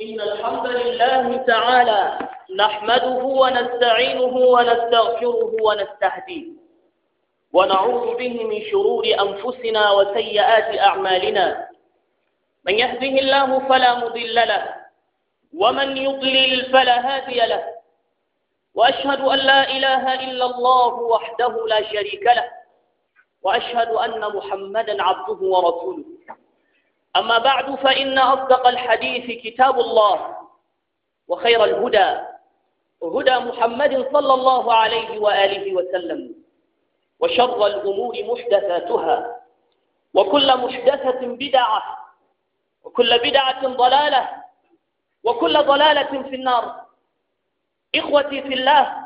إن الحمد لله تعالى نحمده ونستعينه ونستغفره ونستهديه ونعوذ به من شرور أنفسنا وسيئات أعمالنا من يهده الله فلا مضل له ومن يضلل فلا هادي له وأشهد أن لا إله إلا الله وحده لا شريك له وأشهد أن محمدا عبده ورسوله أما بعد فإن أصدق الحديث كتاب الله وخير الهدى هدى محمد صلى الله عليه وآله وسلم وشر الأمور محدثاتها وكل محدثة بدعة وكل بدعة ضلالة وكل ضلالة في النار إخوتي في الله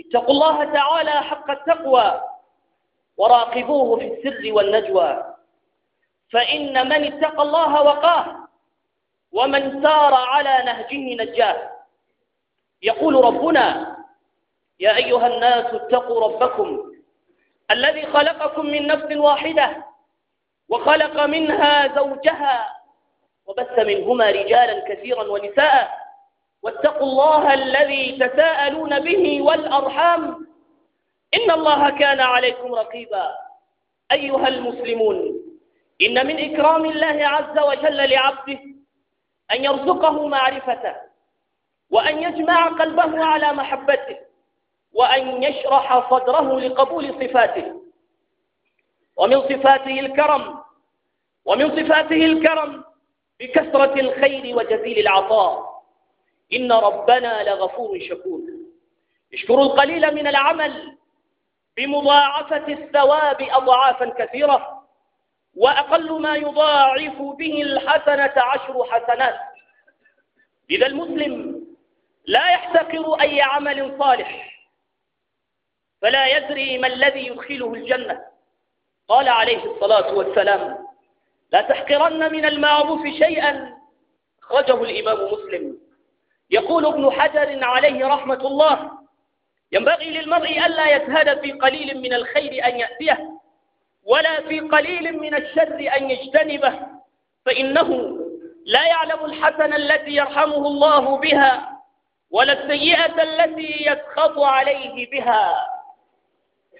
اتقوا الله تعالى حق التقوى وراقبوه في السر والنجوى فإن من اتقى الله وقاه ومن سار على نهجه نجاه يقول ربنا يا أيها الناس اتقوا ربكم الذي خلقكم من نفس واحدة وخلق منها زوجها وبث منهما رجالا كثيرا ونساء واتقوا الله الذي تساءلون به والأرحام إن الله كان عليكم رقيبا أيها المسلمون إن من إكرام الله عز وجل لعبده أن يرزقه معرفته وأن يجمع قلبه على محبته وأن يشرح صدره لقبول صفاته ومن صفاته الكرم ومن صفاته الكرم بكثرة الخير وجزيل العطاء إن ربنا لغفور شكور اشكروا القليل من العمل بمضاعفة الثواب أضعافا كثيرة وأقل ما يضاعف به الحسنة عشر حسنات إذا المسلم لا يحتقر أي عمل صالح فلا يدري ما الذي يدخله الجنة قال عليه الصلاة والسلام لا تحقرن من المعروف شيئا خرجه الإمام مسلم يقول ابن حجر عليه رحمة الله ينبغي للمرء ألا يزهد في قليل من الخير أن يأتيه ولا في قليل من الشر أن يجتنبه فإنه لا يعلم الحسنة التي يرحمه الله بها ولا السيئة التي يسخط عليه بها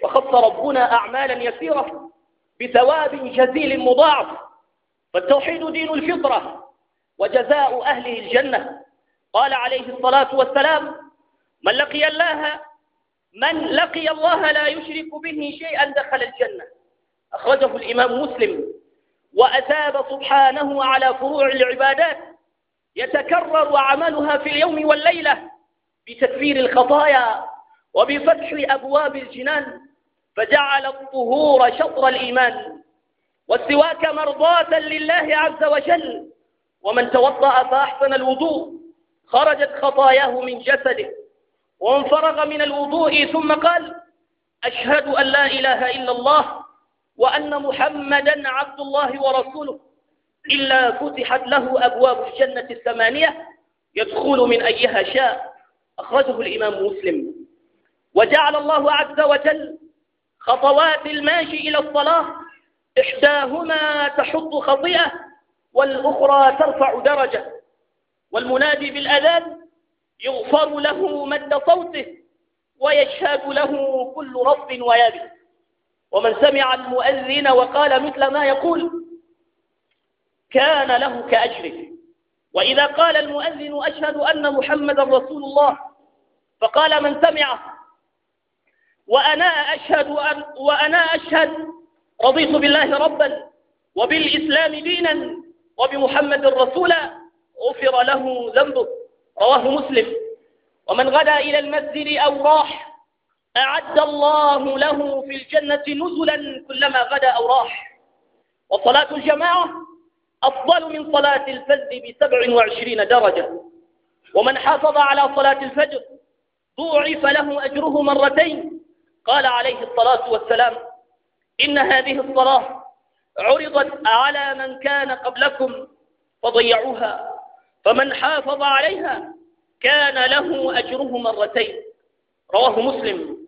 وخص ربنا أعمالا يسيرة بثواب جزيل مضاعف فالتوحيد دين الفطرة وجزاء أهله الجنة قال عليه الصلاة والسلام من لقي الله من لقي الله لا يشرك به شيئا دخل الجنة أخرجه الإمام مسلم وأثاب سبحانه على فروع العبادات يتكرر عملها في اليوم والليلة بتكفير الخطايا وبفتح أبواب الجنان فجعل الطهور شطر الإيمان والسواك مرضاة لله عز وجل ومن توضأ فأحسن الوضوء خرجت خطاياه من جسده وانفرغ من الوضوء ثم قال أشهد أن لا إله إلا الله وأن محمدا عبد الله ورسوله إلا فتحت له أبواب الجنة الثمانية يدخل من أيها شاء أخرجه الإمام مسلم وجعل الله عز وجل خطوات الماشي إلى الصلاة إحداهما تحط خطيئة والأخرى ترفع درجة والمنادي بالأذان يغفر له مد صوته ويشهد له كل رب ويابس ومن سمع المؤذن وقال مثل ما يقول كان له كأجره وإذا قال المؤذن أشهد أن محمدا رسول الله فقال من سمعه وأنا أشهد أن وأنا أشهد رضيت بالله ربا وبالإسلام دينا وبمحمد رسولا غفر له ذنبه رواه مسلم ومن غدا إلى المسجد أو راح أعد الله له في الجنة نزلا كلما غدا أو راح وصلاة الجماعة أفضل من صلاة الفجر بسبع وعشرين درجة ومن حافظ على صلاة الفجر ضوعف له أجره مرتين قال عليه الصلاة والسلام إن هذه الصلاة عرضت على من كان قبلكم فضيعوها فمن حافظ عليها كان له أجره مرتين رواه مسلم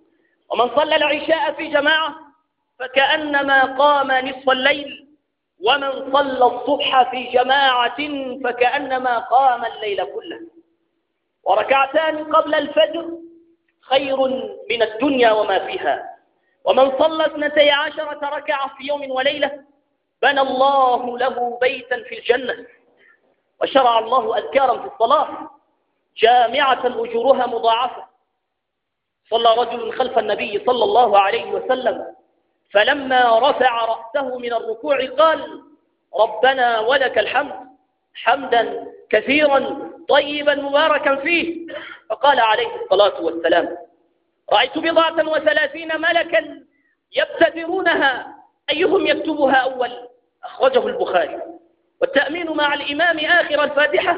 ومن صلى العشاء في جماعة فكأنما قام نصف الليل ومن صلى الصبح في جماعة فكأنما قام الليل كله وركعتان قبل الفجر خير من الدنيا وما فيها ومن صلى اثنتي عشرة ركعة في يوم وليلة بنى الله له بيتا في الجنة وشرع الله أذكارا في الصلاة جامعة أجورها مضاعفة صلى رجل خلف النبي صلى الله عليه وسلم فلما رفع رأسه من الركوع قال ربنا ولك الحمد حمدا كثيرا طيبا مباركا فيه فقال عليه الصلاة والسلام رأيت بضعة وثلاثين ملكا يبتدرونها أيهم يكتبها أول أخرجه البخاري والتأمين مع الإمام آخر الفاتحة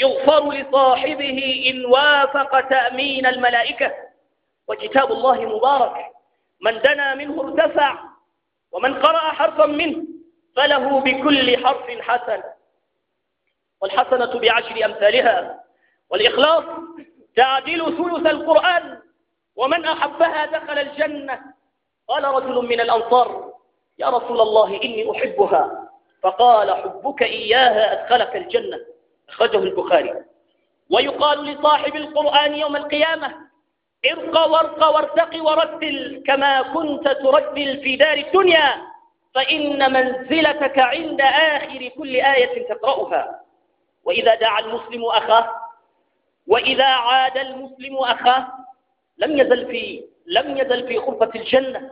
يغفر لصاحبه إن وافق تأمين الملائكة وكتاب الله مبارك من دنا منه ارتفع ومن قرأ حرفا منه فله بكل حرف حسن والحسنة بعشر أمثالها والإخلاص تعدل ثلث القرآن ومن أحبها دخل الجنة قال رجل من الأنصار يا رسول الله إني أحبها فقال حبك إياها أدخلك الجنة أخرجه البخاري ويقال لصاحب القرآن يوم القيامة ارق وارق وارتق ورتل كما كنت ترتل في دار الدنيا فإن منزلتك عند آخر كل آية تقرأها وإذا دعا المسلم أخاه وإذا عاد المسلم أخاه لم يزل في لم يزل في غرفة الجنة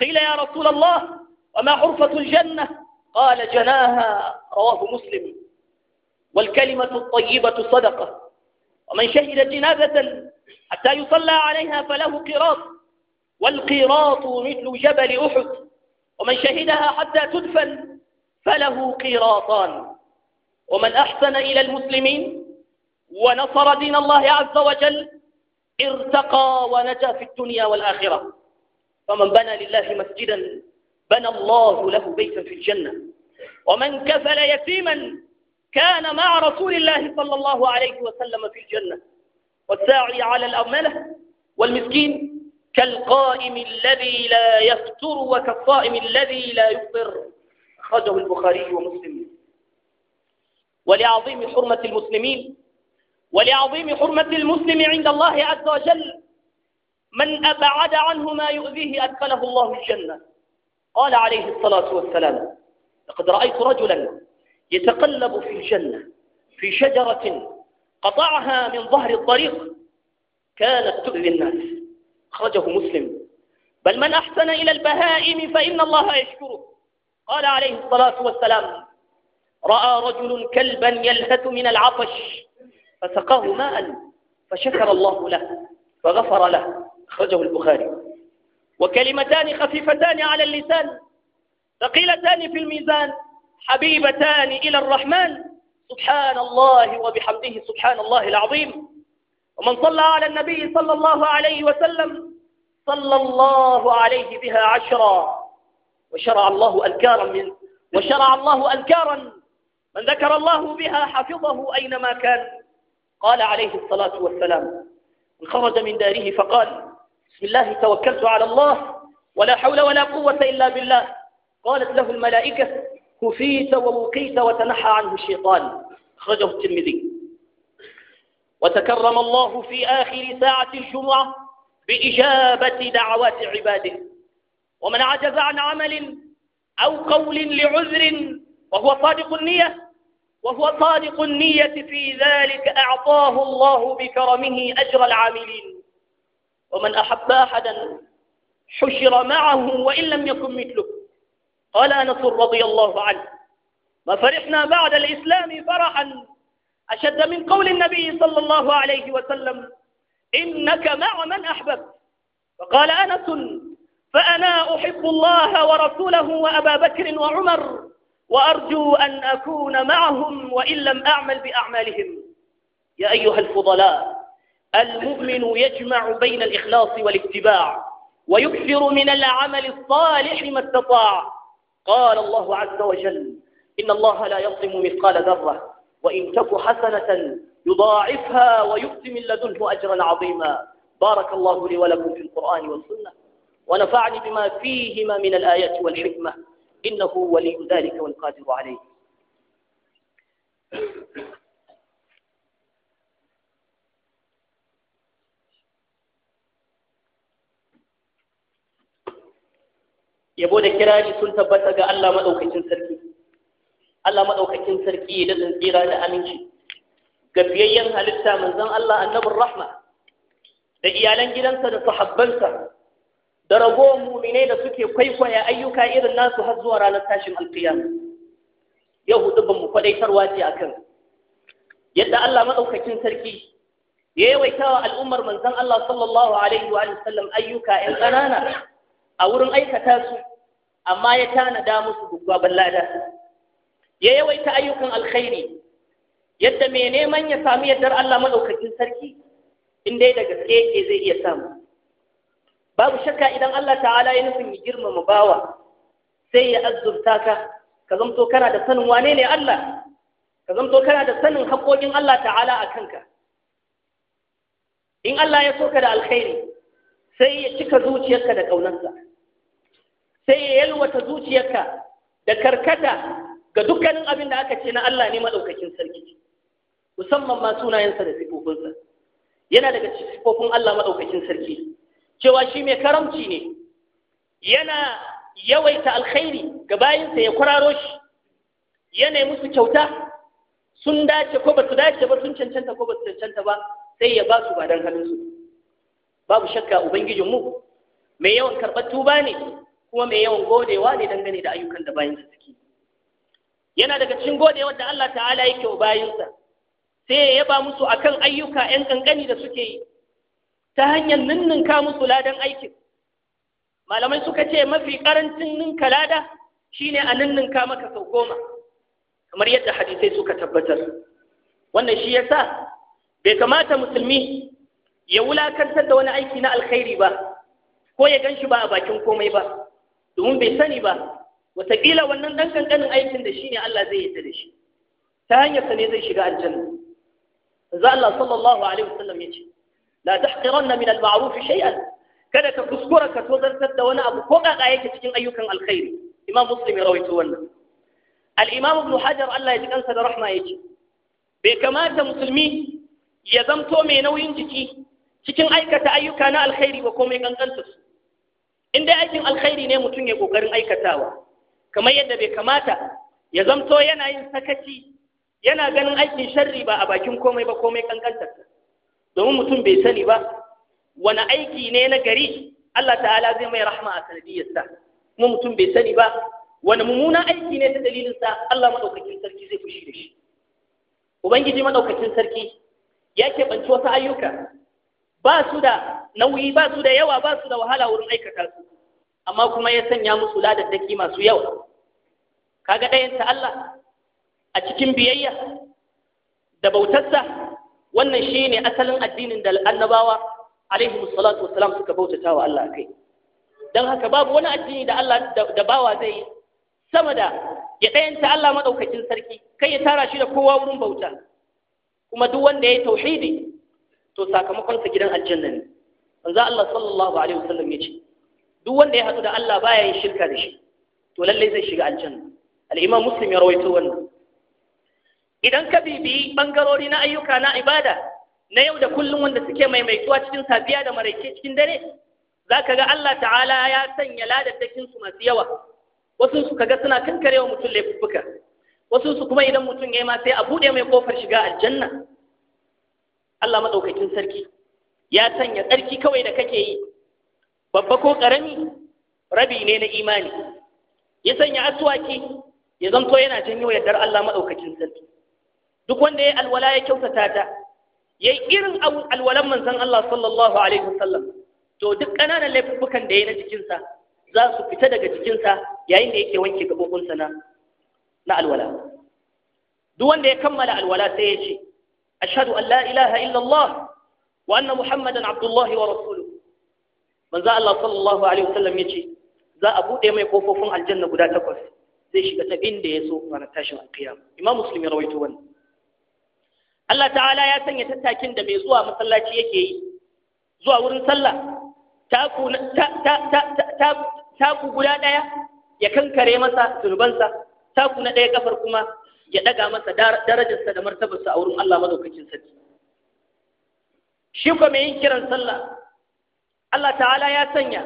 قيل يا رسول الله وما حرفة الجنة قال جناها رواه مسلم والكلمة الطيبة صدقة ومن شهد جنازة حتى يصلى عليها فله قيراط والقيراط مثل جبل أحد ومن شهدها حتى تدفن فله قيراطان ومن أحسن إلى المسلمين ونصر دين الله عز وجل ارتقى ونجا في الدنيا والآخرة فمن بنى لله مسجدا بنى الله له بيتا في الجنة ومن كفل يتيما كان مع رسول الله صلى الله عليه وسلم في الجنة والساعي على الأرملة والمسكين كالقائم الذي لا يفتر وكالصائم الذي لا يفطر أخرجه البخاري ومسلم ولعظيم حرمة المسلمين ولعظيم حرمة المسلم عند الله عز وجل من أبعد عنه ما يؤذيه أدخله الله الجنة قال عليه الصلاة والسلام لقد رأيت رجلا يتقلب في الجنة في شجرة قطعها من ظهر الطريق كانت تؤذي الناس أخرجه مسلم بل من أحسن إلى البهائم فإن الله يشكره قال عليه الصلاة والسلام رأى رجل كلبا يلهث من العطش فسقاه ماء فشكر الله له فغفر له أخرجه البخاري وكلمتان خفيفتان على اللسان ثقيلتان في الميزان حبيبتان إلى الرحمن سبحان الله وبحمده سبحان الله العظيم ومن صلى على النبي صلى الله عليه وسلم صلى الله عليه بها عشرا وشرع الله أذكارا من وشرع الله أذكارا من ذكر الله بها حفظه أينما كان قال عليه الصلاة والسلام من خرج من داره فقال بسم الله توكلت على الله ولا حول ولا قوة إلا بالله قالت له الملائكة كفيت ووقيت وتنحى عنه الشيطان أخرجه الترمذي وتكرم الله في آخر ساعة الجمعة بإجابة دعوات عباده ومن عجز عن عمل أو قول لعذر وهو صادق النية وهو صادق النية في ذلك أعطاه الله بكرمه أجر العاملين ومن أحب أحدا حشر معه وإن لم يكن مثله قال أنس رضي الله عنه ما فرحنا بعد الإسلام فرحا أشد من قول النبي صلى الله عليه وسلم إنك مع من أحببت فقال أنس فأنا أحب الله ورسوله وأبا بكر وعمر وأرجو أن أكون معهم وإن لم أعمل بأعمالهم يا أيها الفضلاء المؤمن يجمع بين الإخلاص والاتباع ويكثر من العمل الصالح ما استطاع قال الله عز وجل إن الله لا يظلم مثقال ذرة وإن تك حسنة يضاعفها ويؤتي من لدنه أجرا عظيما بارك الله لي ولكم في القرآن والسنة ونفعني بما فيهما من الآيات والحكمة إنه ولي ذلك والقادر عليه yabo da kirari sun tabbata ga Allah madaukakin sarki Allah madaukakin sarki da tsira da aminci ga fiyayyen halitta manzon Allah annabin rahma da iyalan gidansa da sahabbansa da ragowar muminai da suke kwaikwaya ayyuka irin nasu har zuwa ranar tashin alkiyama yau hudu ban mu kwadaitarwa ce akan yadda Allah madaukakin sarki ya yawaita wa al'ummar manzan Allah sallallahu Alaihi wa sallam ayyuka ‘yan ƙanana a wurin aikata su amma ya tanada musu gwaggwaban lada ya yawaita ayyukan alkhairi yadda mai neman ya sami yardar Allah maɗaukakin sarki in dai da gaske yake zai iya samu babu shakka idan Allah ta'ala ya nufin ya girmama bawa sai ya azurta ka ka zamto kana da sanin wane ne Allah ka zamto kana da sanin haƙoƙin Allah ta'ala a kanka in Allah ya so da alkhairi sai ya cika zuciyarka da ƙaunarsa sai ya yalwata zuciyarka da karkata ga dukkanin abin da aka ce na Allah ne maɗaukakin sarki musamman ma sunayensa da sifofinsa yana daga sifofin Allah maɗaukakin sarki cewa shi mai karamci ne yana yawaita alkhairi ga bayinsa ya kwararo shi yana musu kyauta sun dace ko ba su dace ba sun cancanta ko ba su cancanta ba sai ya ba su ba don halinsu babu shakka ubangijinmu mai yawan karɓar tuba ne kuma mai yawan godewa ne dangane da ayyukan da bayansa suke yana daga cikin godewar da Allah ta'ala yake wa bayansa sai ya yaba musu a kan ayyuka 'yan kankani da suke yi ta hanyar ninninka musu ladan aikin malamai suka ce mafi karancin ninka lada shine a ninninka maka sau goma kamar yadda hadisai suka tabbatar wannan shi yasa bai kamata musulmi ya wulakantar da wani aiki na alkhairi ba ko ya gan shi ba a bakin komai ba domin bai sani ba wataƙila wannan ɗan ƙanƙanin aikin da shi ne Allah zai yarda da shi ta hanyar sa ne zai shiga aljanna za Allah sallallahu alaihi wasallam ya ce la tahqiranna min al-ma'ruf shay'an kada ka kuskura ka tozartar da wani abu ko kaka yake cikin ayyukan alkhairi imam muslim ya rawaito wannan al-imam ibn hajar Allah ya ji kansa da rahma ya ce bai kamata musulmi ya zamto mai nauyin jiki cikin aikata ayyuka na alkhairi ba komai kankanta su in dai aikin alkhairi ne mutum ya kokarin aikatawa kamar yadda bai kamata ya zamto yana yin sakaci yana ganin aikin sharri ba a bakin komai ba komai kankantarsa domin mutum bai sani ba wani aiki ne na gari Allah ta'ala zai mai rahama a sanadiyarsa kuma mutum bai sani ba wani mummuna aiki ne ta dalilinsa Allah maɗaukakin sarki zai fushi da shi ubangiji Madaukakin sarki ya keɓanci wasu ayyuka ba su da nauyi ba su da yawa ba su da wahala wurin aikata su amma kuma ya sanya musu ladaddaki masu yawa kaga ɗayan ta Allah a cikin biyayya da bautarsa wannan shine asalin addinin da annabawa alaihi salatu wassalam suka bautata wa Allah kai dan haka babu wani addini da Allah da bawa zai sama da ya ɗayanta Allah madaukakin sarki kai ya tara shi da kowa wurin bauta kuma duk wanda ya tauhidi to sakamakonsa gidan aljanna ne manzo Allah sallallahu alaihi wasallam ya ce duk wanda ya haɗu da Allah baya yin shirka da shi to lallai zai shiga aljanna al-imam muslim ya rawaito wannan idan ka bibi bangarori na ayyuka na ibada na yau da kullum wanda suke maimaituwa cikin safiya da maraice cikin dare zaka ga Allah ta'ala ya sanya ladaddakin su masu yawa wasu su kaga suna kankarewa mutum laifuffuka wasu su kuma idan mutum ya yi ma sai a bude mai kofar shiga aljanna Allah maɗaukakin sarki ya sanya tsarki kawai da kake yi babba ko karami rabi ne na imani ya sanya aswaki ya zanto yana janyo yardar Allah maɗaukakin sarki duk wanda yayi alwala ya kyautata ta yayi irin alwalan manzon Allah sallallahu alaihi wasallam to duk ƙananan laifukan da ya na jikinsa za su fita daga jikinsa yayin da yake wanke gabobinsa na na alwala duk wanda ya kammala alwala sai ya ce أشهد أن لا إله إلا الله وأن محمدا عبد الله ورسوله من ذا الله صلى الله عليه وسلم يجي ذا أبو ديما يقوفون الجنة قد تقف زي شيء تبين دي يسوء وانا تاشن القيام إمام مسلم يرويته وانا الله تعالى يا سن يتتاكين دمي زوا مسلاتي يكي زوا ورن سلا تاكو تا تا تا تا تاكو قدا دايا يكنكري مسا ذنوبانسا تاكو ندايا كفر كما ya daga masa darajarsa da martabarsa a wurin Allah madaukakin sarki shi kuma mai yin kiran sallah Allah ta'ala ya sanya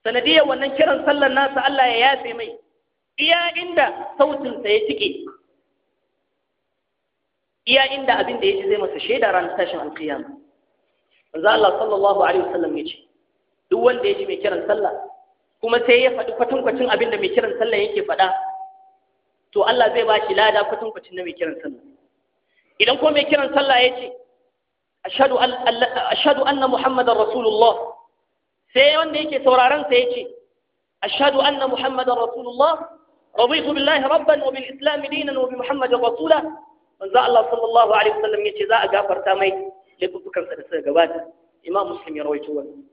sanadiyar wannan kiran sallar nasa Allah ya yafe mai iya inda sautinsa ya tike iya inda abin da ya ji zai masa shaida ranar tashin alkiyama manzo Allah sallallahu alaihi wasallam ya ce duk wanda ya ji mai kiran sallah kuma sai ya faɗi kwatankwacin abin da mai kiran sallah yake faɗa to Allah zai ba shi lada kusan kucin na mai kiran sallah idan ko mai kiran sallah ya ce ashadu anna muhammadan rasulullah sai wanda yake sauraron sa ya ce ashadu anna muhammadan rasulullah raditu billahi rabban wa bil islam dinan wa bi muhammadin rasula manzo Allah sallallahu alaihi wasallam ce za a gafarta mai laifukan sa da suka gabata imam muslim ya rawaito wannan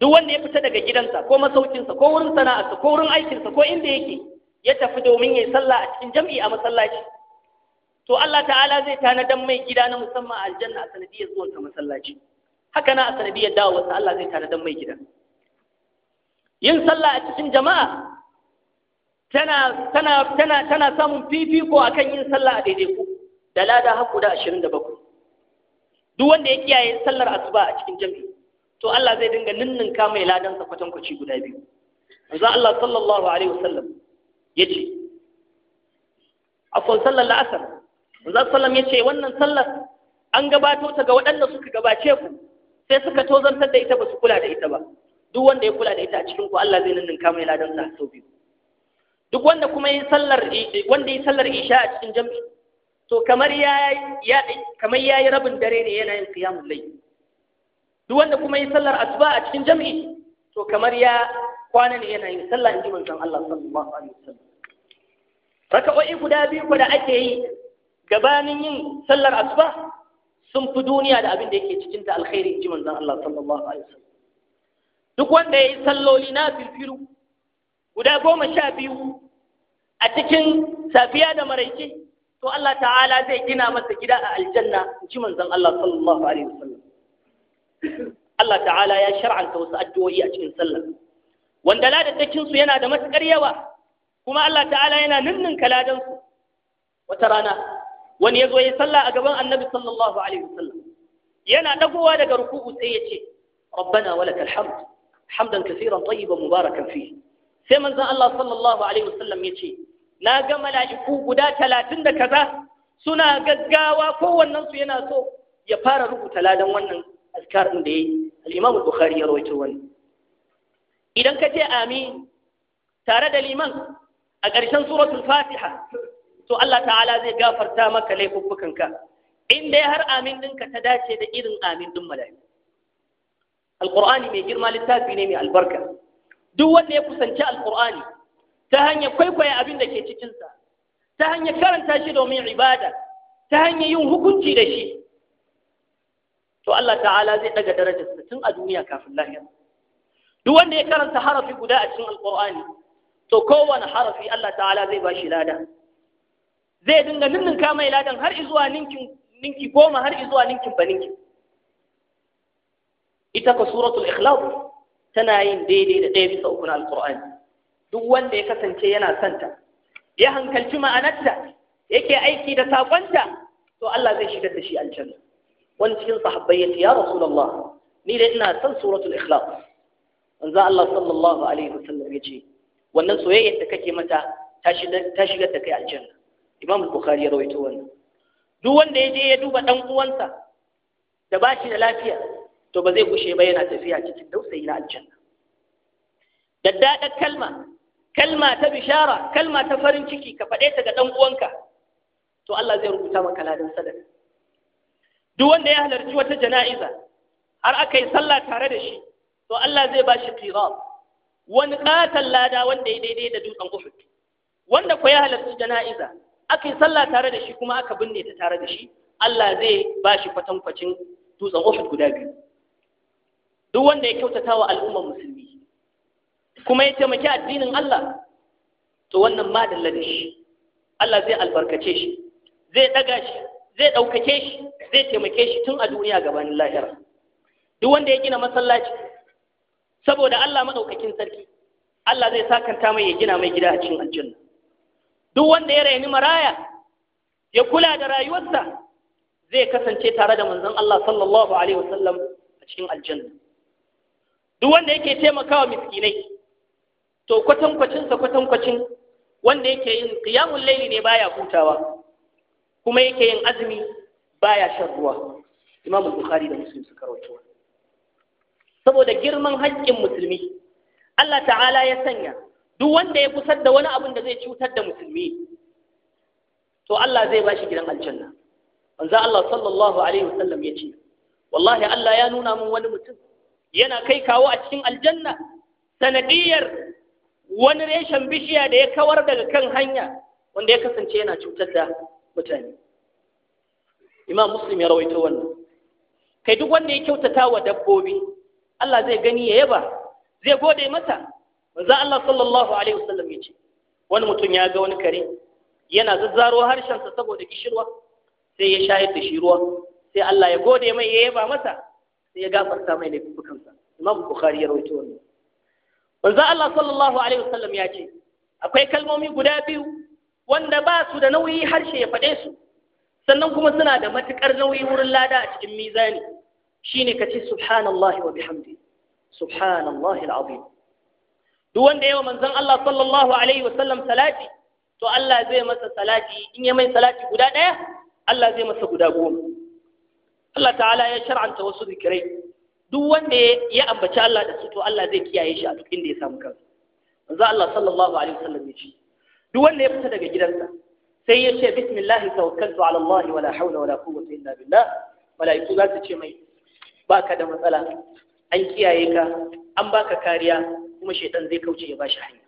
duk wanda ya fita daga gidansa ko masaukinsa ko wurin sana'arsa ko wurin aikinsa ko inda yake ya tafi domin ya yi sallah a cikin jam'i a masallaci to Allah ta'ala zai tanadan mai gida na musamman a aljanna a sanadiyar ta masallaci haka na a sanadiyar dawowarsa Allah zai tanadan mai gida yin sallah a cikin jama'a tana tana tana tana samun fifiko akan yin sallah a daidai ko, da lada har guda 27 duk wanda ya kiyaye sallar asuba a cikin jami'i to Allah zai dinga ninninka mai ladan sa kwatankwaci guda biyu manzo Allah sallallahu alaihi wasallam ya ce akwai sallar la'asar manzan sallam ya ce wannan sallar an gabato ta ga waɗanda suka gabace ku sai suka tozantar da ita ba su kula da ita ba duk wanda ya kula da ita a cikin ku Allah zai nuna mai ladan sa sau biyu duk wanda kuma yi sallar wanda yi sallar isha a cikin jami'i to kamar ya ya kamar yayi rabin dare ne yana yin qiyamul layl duk wanda kuma yi sallar asuba a cikin jami'i to kamar ya kwana ne yana yin sallah in ji manzon Allah sallallahu alaihi wasallam raka'o'i guda biyu da ake yi gabanin yin sallar asuba sun fi duniya da abin da yake cikin ta alkhairi ji manzon Allah sallallahu alaihi wasallam duk wanda yayi salloli na firfiru guda goma sha biyu a cikin safiya da maraice to Allah ta'ala zai gina masa gida a aljanna ji manzon Allah sallallahu alaihi wasallam Allah ta'ala ya shar'anta wasu addu'o'i a cikin sallar wanda ladadakin su yana da matukar yawa kuma Allah ta'ala yana ninnin kaladan su wata rana wani ya zo ya salla a gaban Annabi sallallahu alaihi wasallam yana dagowa daga ruku'u sai ya ce rabbana walakal hamd hamdan kaseeran tayyiban mubarakan fihi sai manzon Allah sallallahu alaihi wasallam ya ce na ga mala'iku guda talatin da kaza suna gaggawa su yana so ya fara rubuta ladan wannan azkar ɗin da ya yi al'imam bukhari ya rawaito wani idan ka ce amin tare da liman a ƙarshen suratul fatiha to Allah ta'ala zai gafarta maka laifuffukanka in dai har amin ɗinka ta dace da irin amin ɗin mala'iku alƙur'ani mai girma littafi ne mai albarka duk wanda ya kusanci alƙur'ani ta hanyar kwaikwaye abin da ke cikinsa ta hanyar karanta shi domin ibada ta hanyar yin hukunci da shi to Allah ta'ala zai daga darajarsa tun a duniya kafin lahira duk wanda ya karanta harafi guda a cikin alƙur'ani to kowane harafi Allah ta'ala zai ba shi lada zai dinga ninninka mai ladan har izuwa ninkin ninki goma har izuwa ninkin ba ninki ita ka suratul ikhlas tana yin daidai da ɗaya bisa uku na alqur'ani duk wanda ya kasance yana santa ya hankalci ma'anarta yake aiki da sakonta to Allah zai shigar da shi aljanna wani cikin sahabbai yace ya rasulullah ni da ina son suratul ikhlas manzo Allah sallallahu alaihi wasallam yace wannan soyayyar da kake mata ta shigar da kai aljanna imam bukhari ya rawaito wannan duk wanda ya je ya duba dan uwansa da ba shi da lafiya to ba zai gushe ba yana tafiya cikin dausayi na aljanna daddaɗar kalma kalma ta bishara kalma ta farin ciki ka faɗe ta ga dan uwanka to Allah zai rubuta maka ladan sadaka duk wanda ya halarci wata jana'iza har aka yi sallah tare da shi to Allah zai ba shi qiram wani ƙaton lada wanda ya daidai da dutsen uhud wanda ku ya halarci jana'iza aka yi sallah tare da shi kuma aka binne ta tare da shi Allah zai ba shi kwatankwacin dutsen uhud guda biyu duk wanda ya kyautata wa al'ummar musulmi kuma ya taimaki addinin Allah to wannan ma da shi Allah zai albarkace shi zai ɗaga shi zai ɗaukake shi zai taimake shi tun a duniya gabanin lahira duk wanda ya gina masallaci saboda Allah madaukakin sarki Allah zai sakanta mai ya gina mai gida a cikin aljanna duk wanda ya raini maraya ya kula da rayuwarsa zai kasance tare da manzon Allah sallallahu alaihi wasallam a cikin aljanna duk wanda yake taimakawa miskinai to sa kwatankwacin wanda yake yin qiyamul laili ne baya hutawa kuma yake yin azumi baya shan ruwa imam bukhari da muslim suka rawaito saboda girman haƙƙin musulmi Allah ta'ala ya sanya duk wanda ya kusar da wani abin da zai cutar da musulmi to Allah zai ba shi gidan aljanna manzo Allah sallallahu alaihi wasallam ya ce wallahi Allah ya nuna min wani mutum yana kai kawo a cikin aljanna sanadiyar wani reshen bishiya da ya kawar daga kan hanya wanda ya kasance yana cutar da mutane imam muslim ya rawaito wannan kai duk wanda ya kyautata wa dabbobi Allah zai gani ya yaba zai gode masa manzo Allah sallallahu alaihi wasallam yace wani mutum ya ga wani kare yana zazzaro harshensa saboda kishirwa sai ya shayar da shi ruwa sai Allah ya gode mai ya yaba masa sai ya gafarta mai da fukansa Imam Bukhari ya rawaito wannan manzo Allah sallallahu alaihi wasallam ya ce akwai kalmomi guda biyu wanda ba su da nauyi harshe ya faɗe su sannan kuma suna da matukar nauyi wurin lada a cikin mizani shine ka ce subhanallahi wa bihamdi subhanallahi alazim duk wanda yawa manzon Allah sallallahu alaihi wa sallam salati to Allah zai masa salati in ya mai salati guda daya Allah zai masa guda goma Allah ta'ala ya shar'anta wasu zikirai duk wanda ya ambaci Allah da su to Allah zai kiyaye shi a duk inda ya samu kansa manzo Allah sallallahu alaihi wa sallam ya ce duk wanda ya fita daga gidansa sai ya ce bismillah tawakkaltu ala Allah wala hawla wala quwwata illa billah malaiku za su ce mai baka da matsala an kiyaye ka an baka kariya kuma shaitan zai kauce ya bashi hanya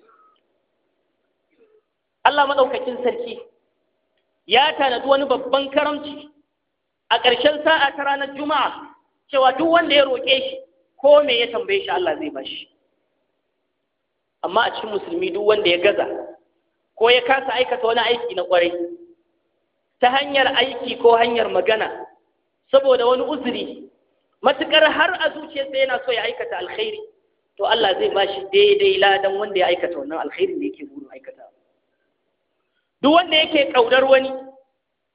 Allah madaukakin sarki ya tanadi wani babban karamci a ƙarshen sa'a ta ranar juma'a cewa duk wanda ya roƙe shi ko me ya tambaye shi Allah zai bashi amma a cikin musulmi duk wanda ya gaza ko ya kasa aikata wani aiki na kwarai ta hanyar aiki ko hanyar magana saboda wani uzuri matukar har a zuciyarsa yana so ya aikata alkhairi to Allah zai ba shi daidai ladan wanda ya aikata wannan alkhairin da yake burin aikata duk wanda yake kaudar wani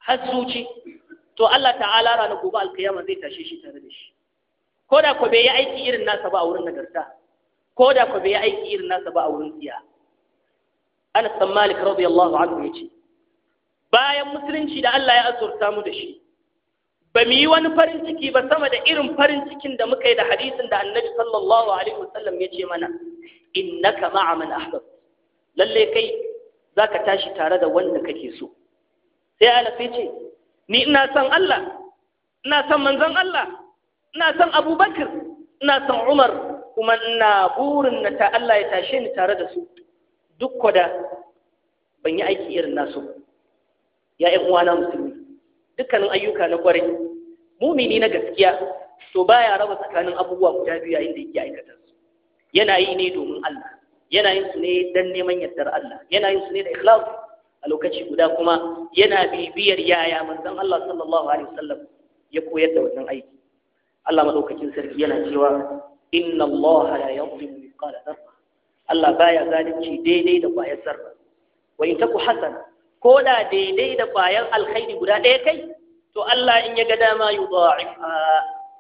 har zuci to Allah ta'ala ranar gobe alkiyama zai tashe shi tare da shi ko da ko bai yi aiki irin nasa ba a wurin nagarta ko da ko bai yi aiki irin nasa ba a wurin tsiya Anas bin Malik radiyallahu anhu yace bayan musulunci da Allah ya azurta mu da shi ba mu yi wani farin ciki ba sama da irin farin cikin da muka yi da hadisin da annabi sallallahu alaihi wasallam ya ce mana innaka ma'a man ahbab lalle kai zaka tashi tare da wanda kake so sai Anas ya ce ni ina son Allah ina son manzon Allah ina son Abubakar ina son Umar kuma ina burin na ta Allah ya tashe ni tare da su duk kwada ban yi aiki irin nasu ya ƴan uwana musulmi dukkanin ayyuka na kwarai mumini na gaskiya to baya raba tsakanin abubuwa guda biyu yayin da yake aikata su yana yi ne domin Allah yana yin su ne dan neman yardar Allah yana yin su ne da ikhlas a lokaci guda kuma yana bibiyar yaya manzon Allah sallallahu alaihi wasallam ya koyar da wannan aiki Allah madaukakin sarki yana cewa inna Allah la yadhlimu mithqala dharra Allah baya zalunci daidai da kwayar sarra wa in taku hasana ko da daidai da kwayar alkhairi guda ɗaya kai to Allah in ya ga dama yudha'ifha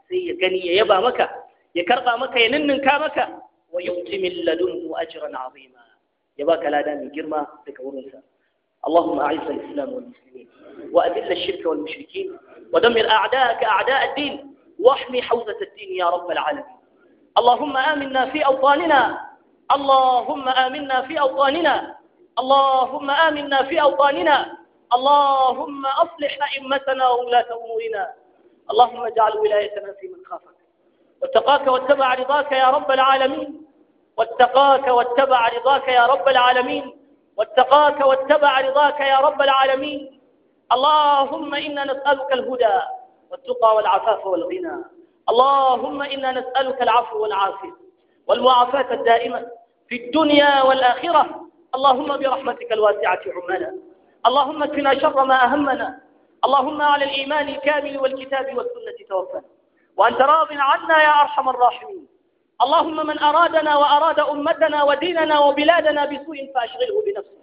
sai ya gani ya yaba maka ya karba maka ya ninninka maka wa yu'ti min ladunhu ajran 'azima ya baka lada mai girma daga اللهم أعز الإسلام والمسلمين وأذل الشرك والمشركين ودمر أعداءك أعداء الدين واحمي حوزة الدين يا رب العالمين اللهم آمنا في أوطاننا اللهم آمنا في أوطاننا اللهم آمنا في أوطاننا اللهم أصلح أئمتنا وولاة أمورنا اللهم اجعل ولايتنا في من خافك واتقاك واتبع رضاك يا رب العالمين واتقاك واتبع رضاك يا رب العالمين واتقاك واتبع رضاك يا رب العالمين اللهم إنا نسألك الهدى والتقى والعفاف والغنى اللهم إنا نسألك العفو والعافية والمعافاة الدائمة في الدنيا والآخرة اللهم برحمتك الواسعة عمنا اللهم اكفنا شر ما أهمنا اللهم على الإيمان الكامل والكتاب والسنة توفنا وأنت راض عنا يا أرحم الراحمين اللهم من أرادنا وأراد أمتنا وديننا وبلادنا بسوء فأشغله بنفسه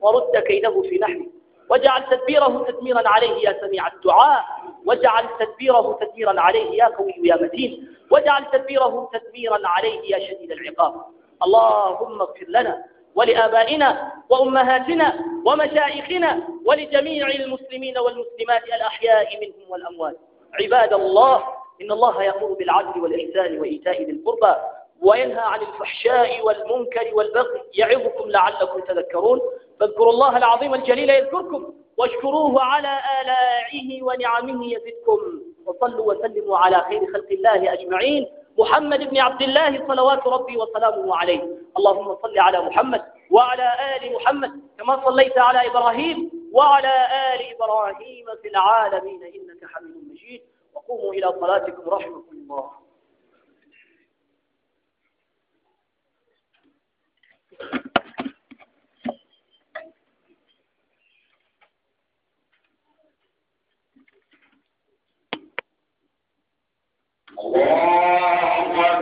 ورد كيده في نحره واجعل تدبيره تدميرا عليه يا سميع الدعاء واجعل تدبيره تدميرا عليه يا قوي يا متين واجعل تدبيره تدميرا عليه يا شديد العقاب اللهم اغفر لنا ولآبائنا وأمهاتنا ومشايخنا ولجميع المسلمين والمسلمات الأحياء منهم والأموات عباد الله إن الله يأمر بالعدل والإحسان وإيتاء ذي القربى وينهى عن الفحشاء والمنكر والبغي يعظكم لعلكم تذكرون فاذكروا الله العظيم الجليل يذكركم واشكروه على آلائه ونعمه يزدكم وصلوا وسلموا على خير خلق الله أجمعين محمد بن عبد الله صلوات ربي وسلامه عليه اللهم صل على محمد وعلى آل محمد كما صليت على إبراهيم وعلى آل إبراهيم في العالمين إنك حميد مجيد وقوموا إلى صلاتكم رحمة الله الله